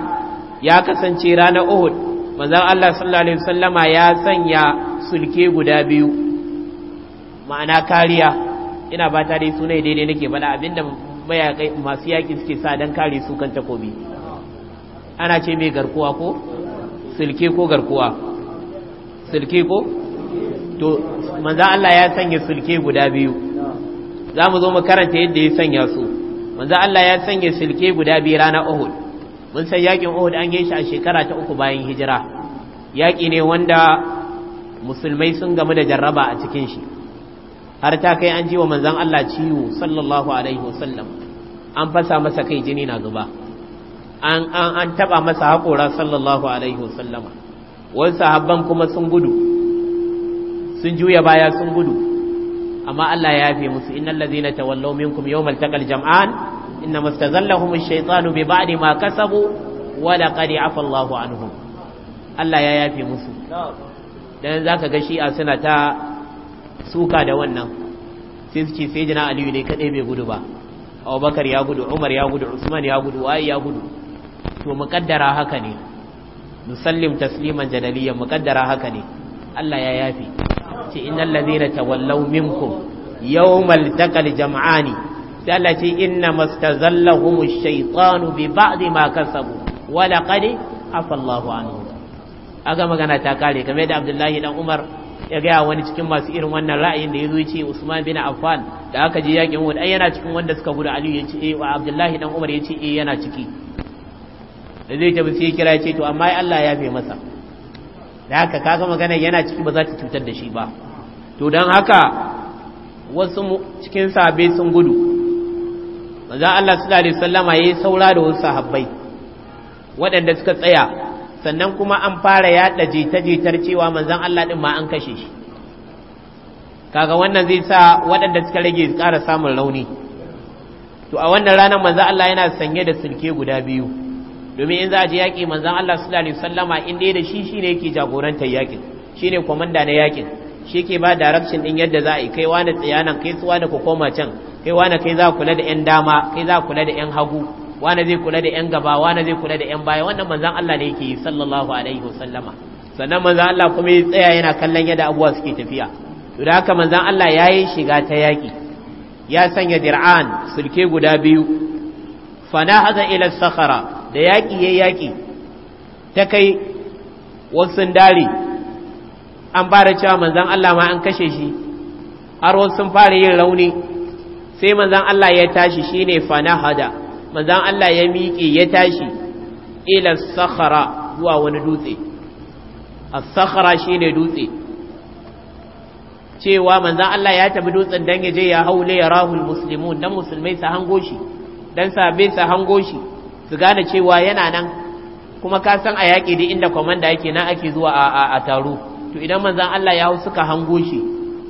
ya kasance ranar uhud manzon Allah sallallahu alaihi wasallam ya sanya sulke guda biyu ma'ana kariya ina ba ta dai sunai daidai nake bada abinda masu yaƙi suke sa don kare su kan takobi ana ce mai garkuwa ko silke ko garkuwa silke ko to manzan Allah ya sanya silke guda biyu za mu zo mu karanta yadda ya sanya su manzan Allah ya sanya silke guda biyu rana Uhud mun san yakin Uhud an yi shi a shekara ta uku bayan hijira yaki ne wanda musulmai sun gamu da jarraba a cikin shi har ta kai an ji wa manzan Allah ciwo sallallahu alaihi wasallam an fasa masa kai jini na zuba an an taba masa hakora sallallahu alaihi wasallama wani sahabban kuma sun gudu sun juya baya sun gudu amma Allah ya yafe musu innal ladhina tawallaw minkum yawmal taqal jam'an إنما استزلهم الشيطان ma ما wa ولقد عفى الله عنهم Allah ya yafe musu dan zaka ga shi'a suna ta suka da wannan sai su sayyidina aliyu ne kadai bai gudu ba abubakar ya gudu umar ya gudu usman ya gudu wayi ya gudu to mukaddara haka ne musallim tasliman jadaliyan muƙaddara haka ne Allah ya yafi ce innal ladina tawallaw minkum yawmal taqal jam'ani sai Allah ce inna mastazallahumush shaytanu bi ba'di ma kasabu wa laqad afallahu Allahu aga magana ta kare kamar da Abdullahi dan Umar ya ga wani cikin masu irin wannan ra'ayin da yazo yace Usman bin Affan da aka je yakin wani yana cikin wanda suka gudu Aliyu yace eh wa Abdullahi dan Umar yace eh yana ciki da zai tafi sai kira ce to amma Allah ya fi masa da haka kaga magana yana ciki ba za ta cutar da shi ba to don haka wasu cikin sahabbai sun gudu manzo Allah sallallahu Sallama ya yayi saura da wasu sahabbai waɗanda suka tsaya sannan kuma an fara yaɗa jita-jitar cewa manzon Allah din ma an kashe shi kaga wannan zai sa waɗanda suka rage su ƙara samun rauni to a wannan ranar manzo Allah yana sanye da sulke guda biyu domin in za a je yaƙi manzan Allah sallallahu alaihi wasallama in dai da shi shine yake jagorantar yaƙin shine kwamanda na yaƙin shi ke ba direction din yadda za a yi kai wani tsayanan kai su da ku koma can kai wani kai za kula da yan dama kai za kula da yan hagu wani zai kula da yan gaba wani zai kula da yan baya wannan manzan Allah ne yake yi sallallahu alaihi wasallama sannan manzan Allah kuma ya tsaya yana kallon yadda abuwa suke tafiya to da haka manzan Allah ya yi shiga ta yaƙi ya sanya dir'an sulke guda biyu fana haza ila sakhara da yaƙi ya yaƙi ta kai wasu dare an fara cewa manzan Allah ma an kashe shi har wasu fara yin rauni sai manzan Allah ya tashi shi ne fana hada, manzan Allah ya miƙe ya tashi ila sakhara zuwa wani dutse a sakhara shi ne dutse cewa manzan Allah ya tafi dutsen don ya je ya haule ya rahul musulmi don musulmai su hango shi don sabe su hango shi su gane cewa yana nan kuma ka san a yaƙi da inda kwamanda yake nan ake zuwa a taro to idan manzan Allah ya hau suka hango shi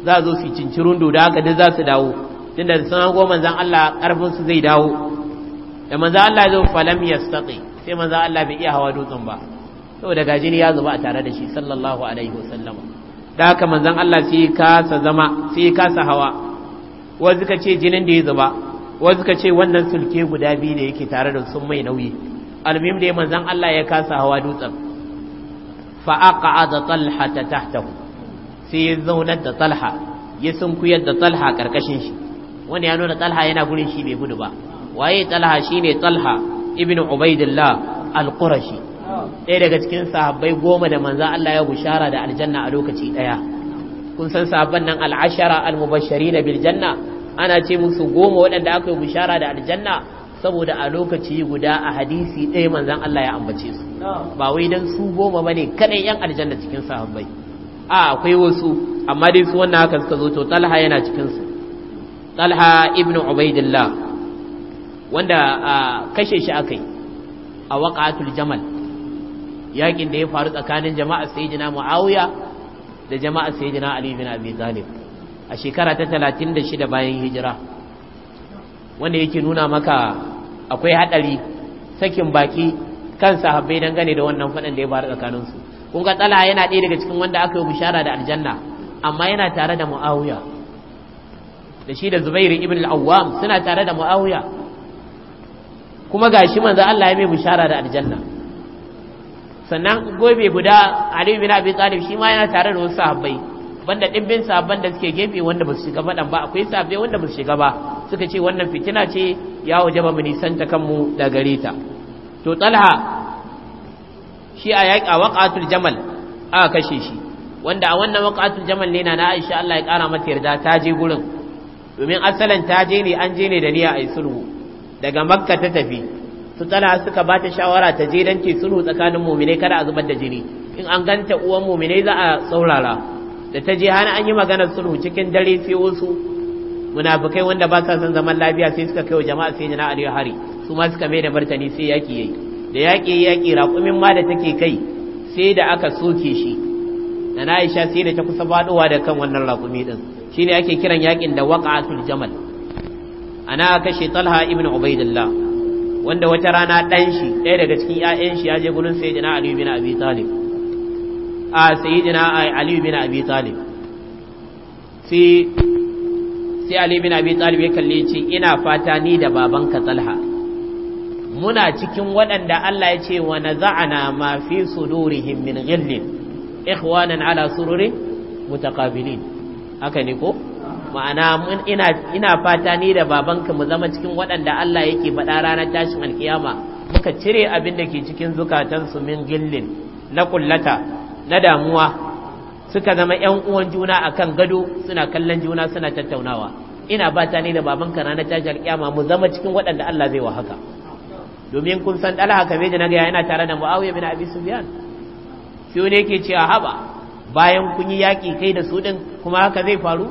za zo su cincirin doda haka duk za su dawo tunda sun hango manzan Allah ƙarfinsu zai dawo da manzan Allah zai falam ya saƙi sai manzan Allah bai iya hawa dutsen ba saboda da jini ya zuba a tare da shi sallallahu alaihi wasallam da haka manzan Allah sai kasa zama sai kasa hawa wasu ka ce jinin da ya zuba wasu ka ce wannan sulke guda biyu da yake tare da sun mai nauyi almim da manzan Allah ya kasa hawa dutsen fa da talha ta tahtahu sai ya zauna da talha ya kuyar da talha karkashin shi wani ya nuna talha yana gurin shi bai gudu ba waye talha shine talha ibn ubaidillah al-qurashi ɗaya daga cikin sahabbai goma da manzan Allah ya bushara da aljanna a lokaci ɗaya kun san sahabban nan al-ashara al-mubashshirin bil janna ana ce musu goma waɗanda aka yi bishara da aljanna saboda a lokaci guda a hadisi ɗaya manzan Allah ya ambace su ba wai don su goma ba ne kaɗai yan aljanna cikin sahabbai a akwai wasu amma dai su wannan haka suka zo to talha yana cikinsu talha ibn ubaidillah wanda kashe shi aka yi a waƙatul jamal yakin da ya faru tsakanin jama'a sayyidina muawiya da jama'a sayyidina ali bin abi talib a shekara ta 36 bayan hijira wanda yake nuna maka akwai hadari sakin baki kan sahabbai dangane da wannan fadan da ya faru tsakanin su kun ga tsala yana ɗaya daga cikin wanda aka yi bishara da aljanna amma yana tare da muawiya da shi da zubairu ibn al-awwam suna tare da muawiya kuma gashi manzo Allah ya mai bishara da aljanna sannan gobe guda Ali bin Abi Talib shi ma yana tare da wasu sahabbai banda dimbin sabban da suke gefe wanda ba su shiga fadan ba akwai sabbe wanda ba su shiga ba suka ce wannan fitina ce ya wajaba mu ta kanmu da gare ta to talha shi a yaƙi a waƙatul jamal aka kashe shi wanda a wannan waƙatul jamal ne na Aisha Allah ya ƙara mata yarda ta je gurin domin asalin ta je ne an je ne da niyya ai sulhu daga makka ta tafi su talha suka ba ta shawara ta je dan ke sulhu tsakanin mu'minai kada a zubar da jini in an ganta uwan mu'minai za a saurara da ta je hana an yi magana sulhu cikin dare sai wasu munafikai wanda ba sa son zaman lafiya sai suka kai wa jama'a sai na ariyo hari su ma suka mai da martani sai yaƙi yayi da yaƙi yaƙi raƙumin ma da take kai sai da aka soke shi da na aisha sai da ta kusa faɗowa da kan wannan raƙumi din shine ake kiran yaƙin da waqa'atul jamal ana kashe talha ibn ubaidillah wanda wata rana ɗan shi ɗaya daga cikin ƴaƴan shi ya je gurin sayyidina ali bin abi talib a sayidina ali bin abi talib sai sai ali bin abi talib ya kalle ce ina fata ni da babanka talha muna cikin waɗanda Allah ya ce wa naza'ana ma fi sudurihim min ghillin ikhwanan ala sururi mutaqabilin haka ne ko ma'ana mun ina ina fata ni da babanka mu zama cikin waɗanda Allah yake faɗa ranar tashin alkiyama muka cire abin da ke cikin zukatansu min gillin na kullata na damuwa suka zama ƴan uwan juna akan gado suna kallon juna suna tattaunawa ina ba ta ne da babanka na tashi alƙiyama mu zama cikin waɗanda Allah zai wa haka domin kun san ɗala haka bai na gaya yana tare da mu'awiyar bin abi sufyan shi ne ke cewa haba bayan kun yi yaƙi kai da su ɗin kuma haka zai faru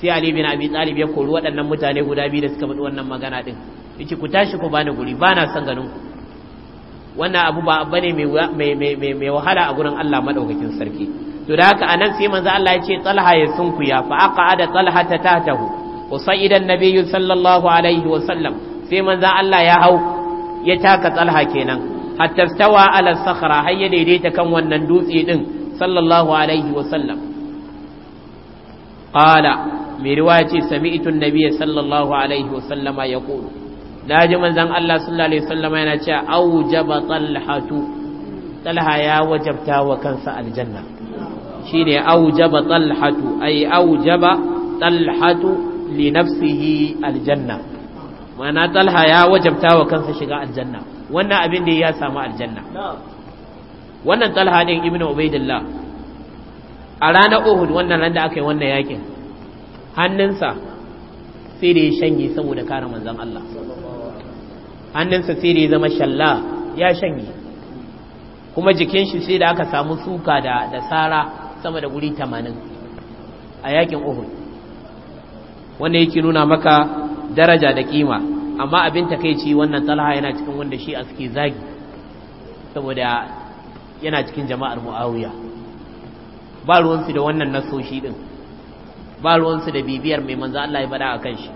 sai Ali bin Abi Talib ya kori waɗannan mutane guda biyu da suka faɗi wannan magana din yake ku tashi ku bani guri ba na son ganin ku wannan abu ba bane mai mai wahala a gurin Allah madaukakin sarki to da haka anan sai manzo Allah ya ce talha ya sunkuya fa aqada talha ta tahtahu usaidan nabiyyu sallallahu alaihi wa sallam sai manzo Allah ya hau ya taka talha kenan hatta stawa ala sakhra har ya daidaita kan wannan dutse din sallallahu alaihi wa sallam qala mai riwaya ce sami'tu an-nabiy sallallahu alaihi wa yaqulu na ji manzan Allah sallallahu alaihi wasallam yana cewa aujaba talhatu talha ya wajabta wa kansa aljanna shine aujaba talhatu ai aujaba talhatu li nafsihi aljanna mana talha ya wajabta wa kansa shiga aljanna wannan abin da ya samu aljanna wannan talha din ibnu ubaidillah a ranar uhud wannan ran da aka yi wannan yakin hannunsa sai da ya shanye saboda kare manzon Allah hannunsa sai da ya zama shalla ya shanye kuma jikin shi sai da aka samu suka da tsara sama da guri 80 a yakin uhud wanda yake nuna maka daraja da kima amma abin takeici wannan talha yana cikin wanda shi a suke zagi saboda yana cikin jama'ar muawiya ba ruwansu da wannan nasoshi din ba ruwansu da bibiyar mai manzo Allah ya bada kan shi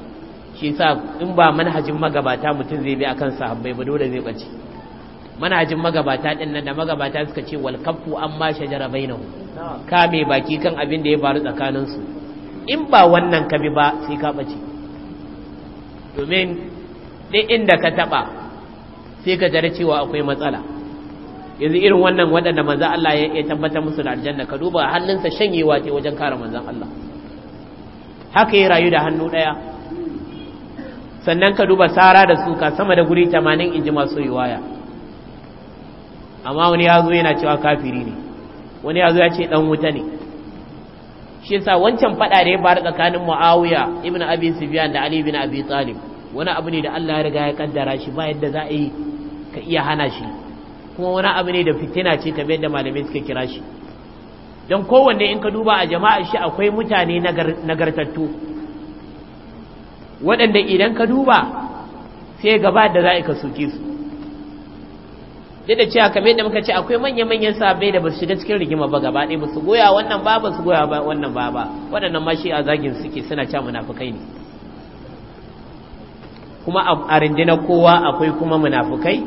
ke sa in ba manhajin magabata mutum zai bi akan sahabbai ba dole zai bace manhajin magabata din nan da magabata suka ce wal kaffu amma shajara bainahu kame baki kan abin da ya faru tsakanin su in ba wannan kabi ba sai ka bace domin duk inda ka taba sai ka tare cewa akwai matsala yanzu irin wannan waɗanda manzan Allah ya tabbata musu da aljanna ka duba hannunsa shanyewa ce wajen kare manzan Allah haka ya rayu da hannu ɗaya sannan ka duba tsara da suka sama da guri 80 inji masu riwaya amma wani ya zo yana cewa kafiri ne wani ya zo ya ce dan wuta ne shi yasa wancan fada da ya bar tsakanin Muawiya ibn Abi Sufyan da Ali ibn Abi Talib wani abu ne da Allah ya riga ya kaddara shi ba yadda za a yi ka iya hana shi kuma wani abu ne da fitina ce kamar yadda malamai suka kira shi don kowanne in ka duba a jama'a shi akwai mutane nagartattu waɗanda idan ka duba sai gaba da za ka soke su duk da cewa kamar yadda muka ce akwai manya-manyan sabai da ba su shiga cikin rigima ba gaba ɗaya ba su goya wannan ba ba su goya wannan ba ba waɗannan ma shi a zagin suke suna cewa munafukai ne kuma a rundunar kowa akwai kuma munafukai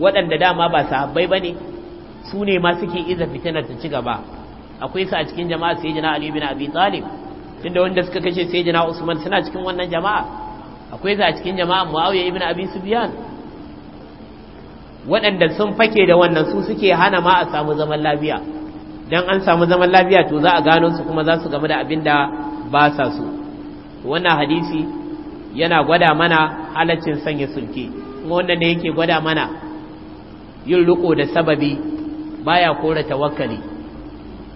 waɗanda dama ba habbai ba ne su ne ma suke iza fitinar ta ci gaba akwai su a cikin jama'a sai jina ali bin abi talib tunda wanda suka kashe sai sayyidina Usman suna cikin wannan jama'a akwai za a cikin jama'a Muawiya ibn Abi Sufyan waɗanda sun fake da wannan su suke hana ma a samu zaman lafiya dan an samu zaman lafiya to za a gano su kuma za su gamu da abin da ba sa su wannan hadisi yana gwada mana halaccin sanya sulke kuma wannan ne yake gwada mana yin riko da sababi baya kore tawakkali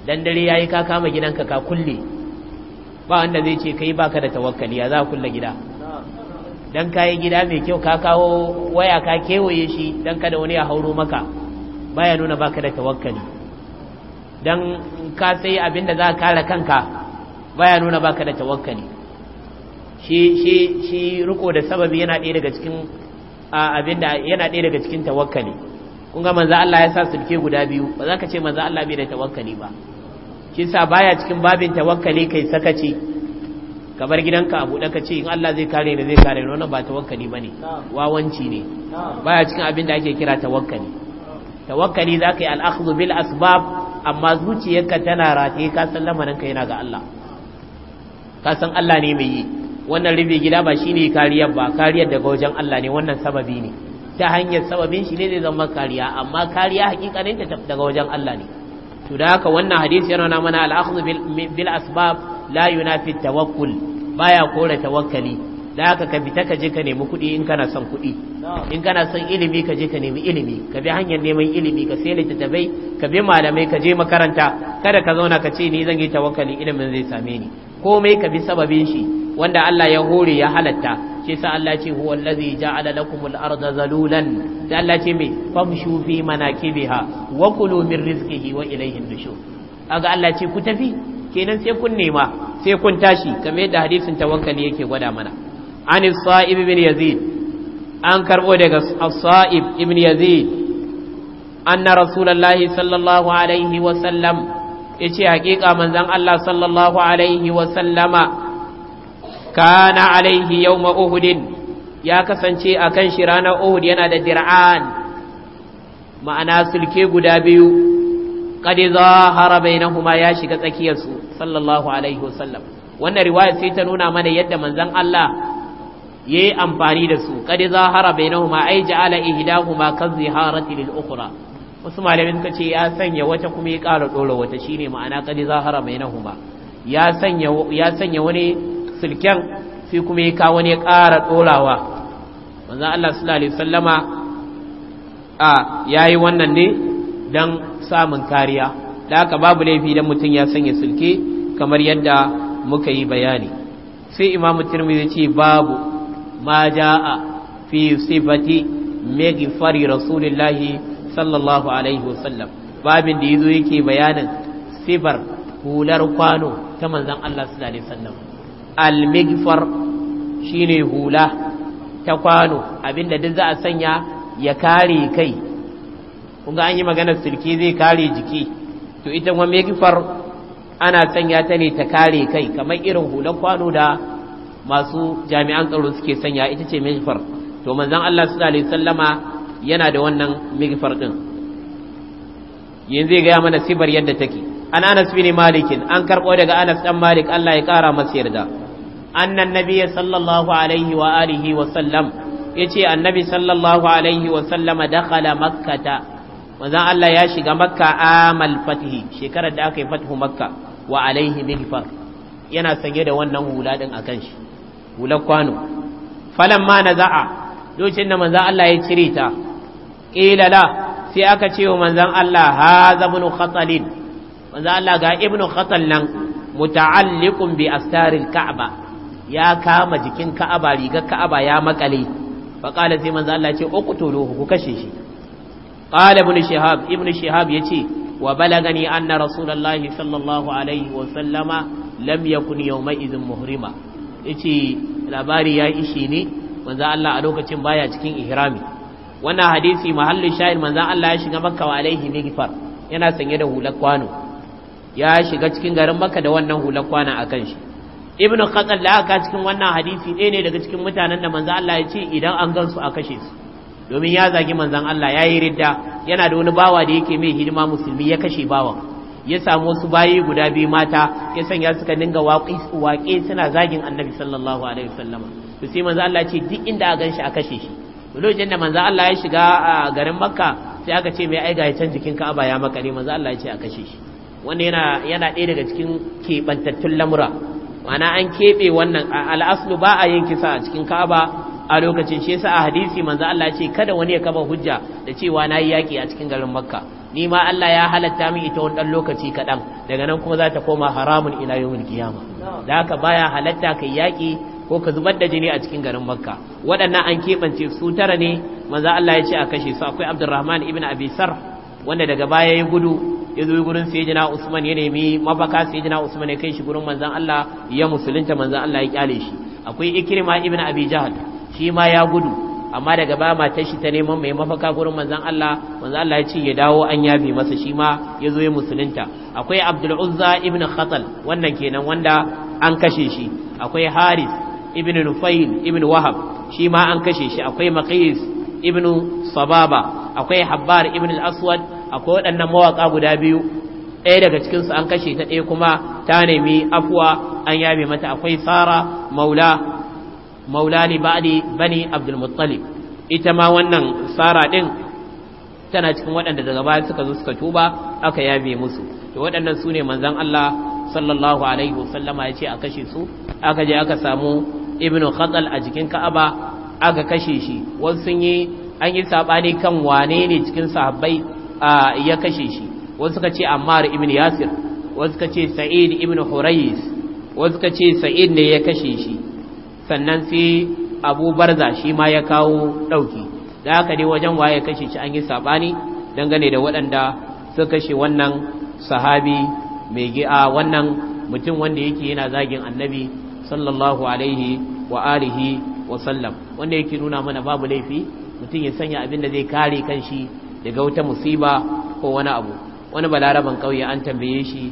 dan dare yayi ka kama gidanka ka kulle ba wanda zai ce kai baka da tawakkali ya za kulle gida dan kayi gida mai kyau ka kawo waya ka kewaye shi dan kada wani ya hauro maka baya nuna baka da tawakkali dan ka sai da za ka kare kanka baya nuna baka da tawakkali shi shi shi riko da sababi yana ɗaya daga cikin da yana ɗaya daga cikin tawakkali kun ga manzo Allah ya sa sulke guda biyu ba za ka ce manzo Allah bai da tawakkali ba Kisa sa baya cikin babin tawakkali kai sakaci kamar gidanka abu da kace in Allah zai kare ni zai kare ni wannan ba tawakkali bane wawanci ne baya cikin abin da ake kira tawakkali tawakkali zaka yi al-akhdhu bil asbab amma zuciyarka tana rataye ka san lamarin ka yana ga Allah ka san Allah ne mai yi wannan rufe gida ba shine kariyar ba kariyar daga wajen Allah ne wannan sababi ne ta hanyar sababin shi ne zai zama kariya amma kariya hakikanin ta daga wajen Allah ne to da haka wannan hadisi yana mana al'akhdhu bil asbab la yunafi tawakkul baya kore tawakkali da haka ka fita ka je ka nemi kuɗi in kana son kuɗi in kana son ilimi ka je ka nemi ilimi ka bi hanyar neman ilimi ka sai littattafai ka bi malamai ka je makaranta kada ka zauna ka ce ni zan yi tawakkali ilimin zai same ni komai ka bi sababin shi wanda Allah ya hore ya halatta shi sa Allah ce huwa allazi ja'ala lakumul arda zalulan sai Allah ce me famshu fi manakibiha wa kulu min rizqihi wa ilayhin nushur kaga Allah ce ku tafi kenan sai kun nema sai kun tashi kamar yadda hadisin tawakkali yake gwada mana an sa'ib ibn yazid an karbo daga as-sa'ib ibn yazid anna rasulullahi sallallahu alaihi wa sallam yace hakika manzon Allah sallallahu alaihi wa sallama kana alaihi yau uhudin ya kasance akan shi ranar uhud yana da dir'an ma'ana sulke guda biyu qad zahara bainahuma ya shiga tsakiyar su sallallahu alaihi wasallam wannan riwaya sai ta nuna mana yadda manzan Allah yayi amfani da su qad zahara bainahuma ay ja'ala ihdahuma ka ziharati lil ukura wasu malamin suka ce ya sanya wata kuma ya ƙara dora wata shine ma'ana qad za bainahuma ya sanya ya sanya wani silken sai kuma ya kawo ne ƙara ɗorawa manzan Allah su lalai sallama a yi wannan ne don samun kariya da aka babu laifi don mutum ya sanya silke kamar yadda muka yi bayani sai imamu zai ce babu ma ja a fi sifati fari rasulillahi sallallahu alaihi wasallam babin da zo yake bayanin sifar hular kwano ta manzan Allah su lalai sallama almigfar shine hula ta kwano abinda duk za a sanya ya kare kai kunga an yi maganar silke zai kare jiki to ita kuma megifar ana sanya ta ne ta kare kai kamar irin hular kwano da masu jami'an tsaro suke sanya ita ce megifar to manzon Allah sallallahu alaihi wasallama yana da wannan megifar din yanzu zai gaya mana sibar yadda take an anas bin malikin an karɓo daga anas ɗan malik Allah ya ƙara masa yarda annan nabiyyi sallallahu alaihi wa alihi wa sallam ya ce, annabi sallallahu alaihi wa sallama dakhala makkata Wanzan Allah ya shiga makka amal fatihi shekarar da aka yi fatihu makka wa alaihi milfar yana sanye da wannan hula a kan shi hular kwano ma falamma naza'a lokacin da manzon Allah ya cire ta qila la sai aka ce wa manzon Allah haza ibn khatalin manzo Allah ga ibnu khatal nan muta'alliqun bi astaril ka'ba ya kama jikin ka'aba rigar ka'aba ya makale fa qala sai manzo Allah ce uqtuluhu ku kashe shi qala ibn shihab ibnu shihab yace wa balagani anna rasulullahi sallallahu alaihi wa sallama lam yakun yawma idhin muhrima yace labari ya ishi ne manzo Allah a lokacin baya cikin ihrami wannan hadisi mahallin Shain manzo Allah ya shiga makka wa alaihi mighfar yana sanye da hular kwano ya shiga cikin garin maka da wannan hular kwana a kan shi ibnu qatal da aka cikin wannan hadisi ɗaya ne daga cikin mutanen da manzon Allah ya ce idan an gansu a kashe su domin ya zagi manzon Allah ya yi ridda yana da wani bawa da yake mai hidima musulmi ya kashe bawan ya samu wasu bayi guda biyu mata ya sanya suka dinga waƙe suna zagin annabi sallallahu alaihi wasallama to sai manzo Allah ya ce duk inda a ganshi a kashe shi lokacin da manzo Allah ya shiga a garin Makka sai aka ce mai aiga ya can jikin Ka'aba ya ne, manzo Allah ya ce a kashe shi wanda yana yana ɗaya daga cikin keɓantattun lamura ma'ana an keɓe wannan al'aslu ba a yin kisa a cikin ka'aba a lokacin shi yasa a hadisi manzo Allah ce kada wani ya kafa hujja da cewa nayi yaki a cikin garin Makka ni ma Allah ya halatta min ita wani dan lokaci kaɗan, daga nan kuma za ta koma haramun ila yawmil qiyama da haka baya halatta kai yaki ko ka zubar da jini a cikin garin Makka waɗannan an keɓance su tara ne manzo Allah ya ce a kashe su akwai Abdurrahman ibn Abi Sar wanda daga baya ya gudu ya zo gurin sayyidina Usman ya nemi mafaka sayyidina Usman ya kai shi gurin manzon Allah ya musulunta manzon Allah ya kyale shi akwai Ikrima ibn Abi Jahl shi ma ya gudu amma daga baya matar shi ta neman mai mafaka gurin manzon Allah manzon Allah ya ce ya dawo an yafi masa shi ma ya zo ya musulunta akwai Abdul Uzza ibn Khatal wannan kenan wanda an kashe shi akwai Haris ibn Nufail ibn Wahab shi ma an kashe shi akwai Maqis ibn Sababa akwai Habbar ibn al-Aswad akwai waɗannan mawaƙa guda biyu ɗaya daga cikinsu an kashe ta ɗaya kuma ta nemi afuwa an yabe mata akwai tsara maula maula li bani abdul ita ma wannan tsara ɗin tana cikin waɗanda daga baya suka zo suka tuba aka yabe musu to waɗannan su ne manzon Allah sallallahu alaihi wasallama ya ce a kashe su aka je aka samu ibnu khatal a jikin ka'aba aka kashe shi wasu sun yi an yi saɓani kan wane ne cikin sahabbai ya kashe shi wasu suka ce ammar ibn yasir wasu suka ce sa'id ibn hurais wasu suka ce sa'id ne ya kashe shi sannan sai abu barza shi ma ya kawo ɗauki da haka dai wajen waye kashe shi an yi saɓani dangane da waɗanda suka kashe wannan sahabi mai gi'a wannan mutum wanda yake yana zagin annabi sallallahu alaihi wa alihi wa sallam wanda yake nuna mana babu laifi mutum ya sanya abin da zai kare kanshi daga ga wata musiba ko wani abu wani balaraban kauye an tambaye shi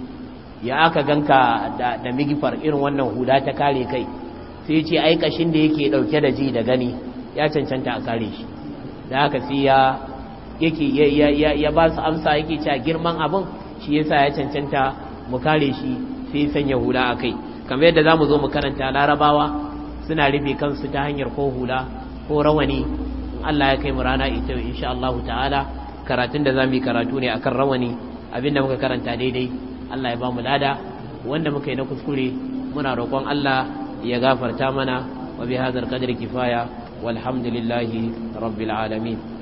ya aka ganka da migifar irin wannan huda ta kare kai sai ce ai kashin da yake dauke da ji da gani ya cancanta a kare shi da haka sai ya yake ya ba su amsa yake cewa girman abin shi yasa ya cancanta mu kare shi sai sanya hula a kai kamar yadda za mu zo mu karanta larabawa suna rufe kansu ta hanyar ko hula ko rawani in Allah ya kai mu rana ita insha Allah ta'ala karatun da zamu yi karatu ne akan rawani abinda muka karanta daidai Allah ya ba mu lada wanda muka yi na kuskure muna roƙon Allah ya gafarta mana wa bi hadzal qadri kifaya walhamdulillahi rabbil alamin